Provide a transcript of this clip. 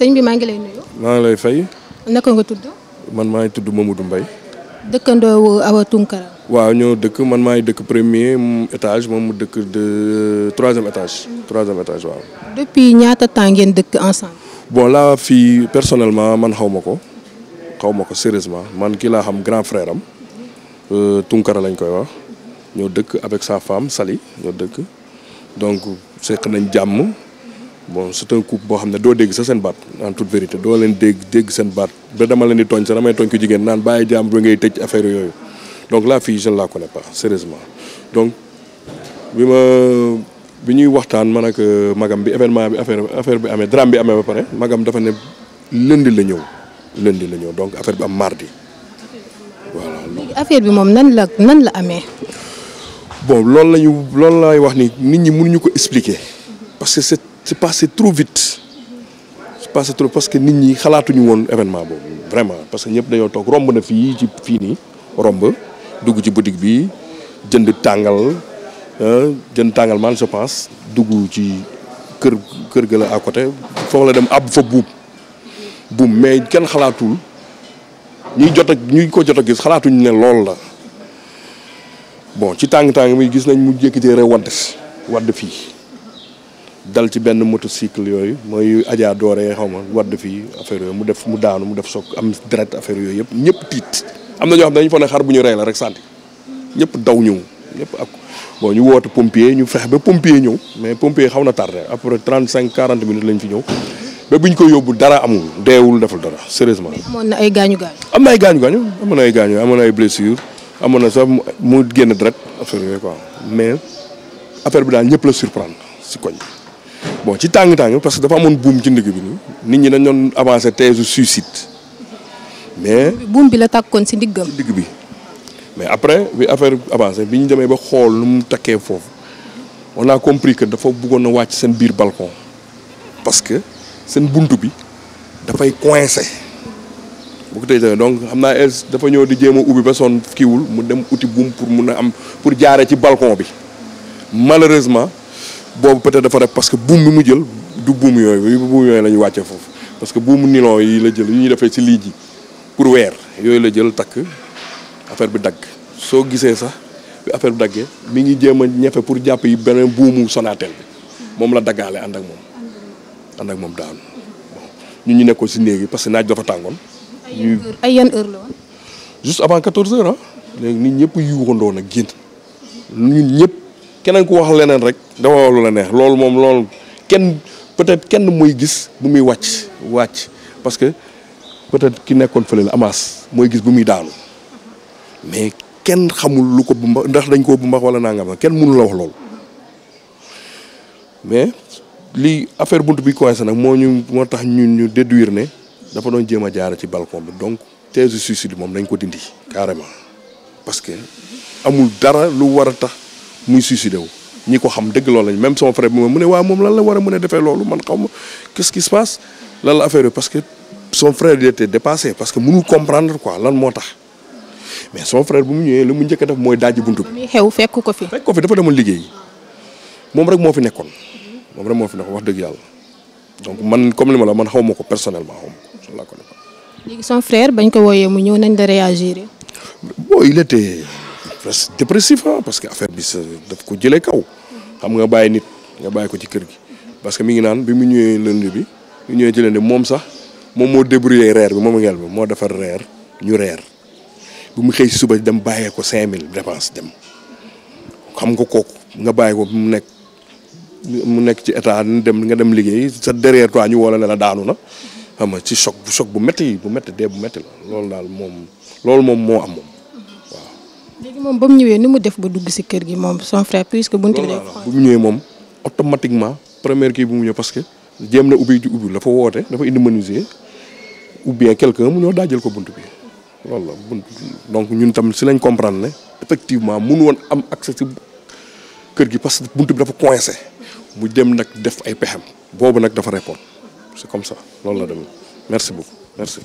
sëñ bi maa ngi lay nuyu. maa ngi lay fay. naka nga tudd. man maa ngi tudd Mamadou Mbaye. dëkkandoo Awa Tunkara. waaw ñoo dëkk man maa ngi dëkk premier étage moom mu dëkk de troisième étage. waaw. depuis ñaata temps ngeen dëkk ensemble. bon laa fii personnellement man xaw ma ko. xaw ma ko sérieusement man kii laa xam grand frère am. Euh, Tunkara lañ koy wax. ñoo dëkk avec sa femme Sali ñoo dëkk. donc seq nañ jàmm. bon c'est boo xam ne doo dégg sa seen baat en toute vérité doo leen dégg dégg seen baat ba dama leen di tooñ sax damay tooñ ko jigéen naan bàyyi jaam ba ngay tëj affaire yooyu donc la fille je ne la connais pas bi ma bi ñuy waxtaan man ak euh, magam bi événement bi affaire affaire bi amee drame bi amee ba magam dafa ne lundi la ñëw lundi la ñëw donc affaire am mardi voilà. léegi affaire bi moom nan la nan loolu la ñu loolu wax ni nit ñi mënuñu ko expliquer c'est passé trop vite c'est passé trop parce que nit ñi xalaatuñu woon événement boobu vraiment parce que ñëpp dañoo toog romb na fii ci fii nii romb dugg ci boutique bi jënd tàngal jënd tàngal man je pense dugg ci kër kër ga la à côté foofu la dem ab fa buub buub mais kenn xalaatul ñuy jot ak ñuy ko jot a gis xalaatuñu ne lool la bon ci tàng-tàng mi gis nañ mu jékkitee rew wadd wadd fii dal ci benn motocycle yooyu mooy Adja Doore xaw ma wadd fii affaire yooyu mu def mu daanu mu def soog am direct affaire yooyu yëpp ñëpp tiit am na ñoo xam ne dañu foog ne bu ñu rey la rek santi ñëpp daw ñëw ñëpp ak bon ñu woote pompier ñu fexe ba pompier ñëw mais pompier xaw na tardé après trente cinq quarante minutes lañ fi ñëw ba bu ko yóbbu dara amul deewul deful dara sérieusement. amoon na ay gaañu gaañu. am na ay gaañu gaañu amoon na ay gaañu amoon na ay blessure amoon na sax mu génn direct affaire yooyu quoi mais affaire bi daal ñëpp la surprendre si koñ. bo ci tàng-tàng parce que dafa amoon buum ci ndigg bi nit ñi dañ doon avancé thèse suicide mais. buum bi la tàkkoon si ndiggam si ndigg bi. mais après bi affaire avancé bi ñu demee ba xool nu mu takkee foofu on a compris que dafa bëggoon na wàcc seen biir balcon parce que seen bunt bi dafay coincé bu ko tëjee donc xam naa es dafa ñëw di jéem a ubbi ba son kiiwul mu dem uti buum pour mun a am pour jaaree ci balcon bi malheureusement. boobu peut-être dafa def parce que buum bi mu jël du buum yooyu buum yooyu la ñu wàcce foofu parce que buumu nilon yi la jël yu ñu defee ci lii ji pour weer yooyu la jël takk affaire bi dagg soo gisee sax bi affaire bi daggee mi ngi jéem a ñefe pour jàpp yi beneen buumu Sonatel bi moom la daggaale ànd ak moom ànd ak moom daanu bon ñu nekkoon si néeg yi parce que naaj dafa tàngoon. ñuy ay yan heure la woon. juste avant 14 heures ah. léegi nit ñëpp yuuxandoo nag génn ñun ñëpp. keneen ku wax leneen rek dafa wax lu la neex loolu moom loolu kenn peut-être kenn mooy gis bu muy wàcc wàcc parce que peut-être ki nekkoon fële la Amaas mooy gis bu muy daanu mais kenn xamul lu ko bu mbax ndax dañ koo bu mbax wala nangam kenn mënu la wax loolu mais lii affaire bunt bi coincé nag moo ñu moo tax ñu ñu déduire ne dafa doon jéem a jaar ci balcon bi donc thèse suicide moom dañ ko dindi carrément parce que amul dara lu war a tax. muy suicidé wu ñi ko xam dëgg loolu lañ même son frère mu ne waaw moom lan la war a mën a defee loolu man xaw ma quest parce que son frère il était dépassé parce que mënul comprendre quoi lan moo tax mais son frère mu ñëwee li mu njëkk mooy daaj buntu bi. xew fekk ko fi. fekk ko moom rek moo fi nekkoon moom rek moo fi nekkoon wax dëgg yàlla donc man comme li ma la man xaw ma ko personnellement xaw ma ko. léegi son frère bañ ko wooyee mu ñëw nañ la réagir. bon il était. presque dépressif ah parce que affaire bi sa daf ko jëlee kaw. xam nga bàyyi nit nga bàyyi ko ci kër gi. parce que mi ngi naan bi mu ñëwee lënd bi mu ñëwee ci lënd moom sax moom moo débrouillé reer bi moom ngel bi moo defar reer ñu reer bu mu xëy suba dem bàyyee ko 5000 dépense dem xam nga kooku nga bàyyi ko mu nekk mu nekk ci état dem nga dem liggéey sa derrière toi ñu woo la ne la daanu na. xam nga ci choc bu choc bu métti bu métti dee bu metti la loolu daal moom loolu moom moo am léegi moom ba mu ñëwee ni mu def ba dugg si kër gi moom son frère puisque buntu bi day bu mu ñëwee moom automatiquement première kii bu mu ñëw parce que jéem na ubbi ci ubbi dafa woote dafa indi menuisier ou bien quelqu'un mu ñëw daajal ko bunt bi loolu la bunt donc ñun tam si lañ comprendre ne effectivement mënu woon am accès si kër gi parce que bunt bi dafa coincé mu dem nag def ay pexem boobu nag dafa répondre c'est comme ça loolu la demee merci beaucoup merci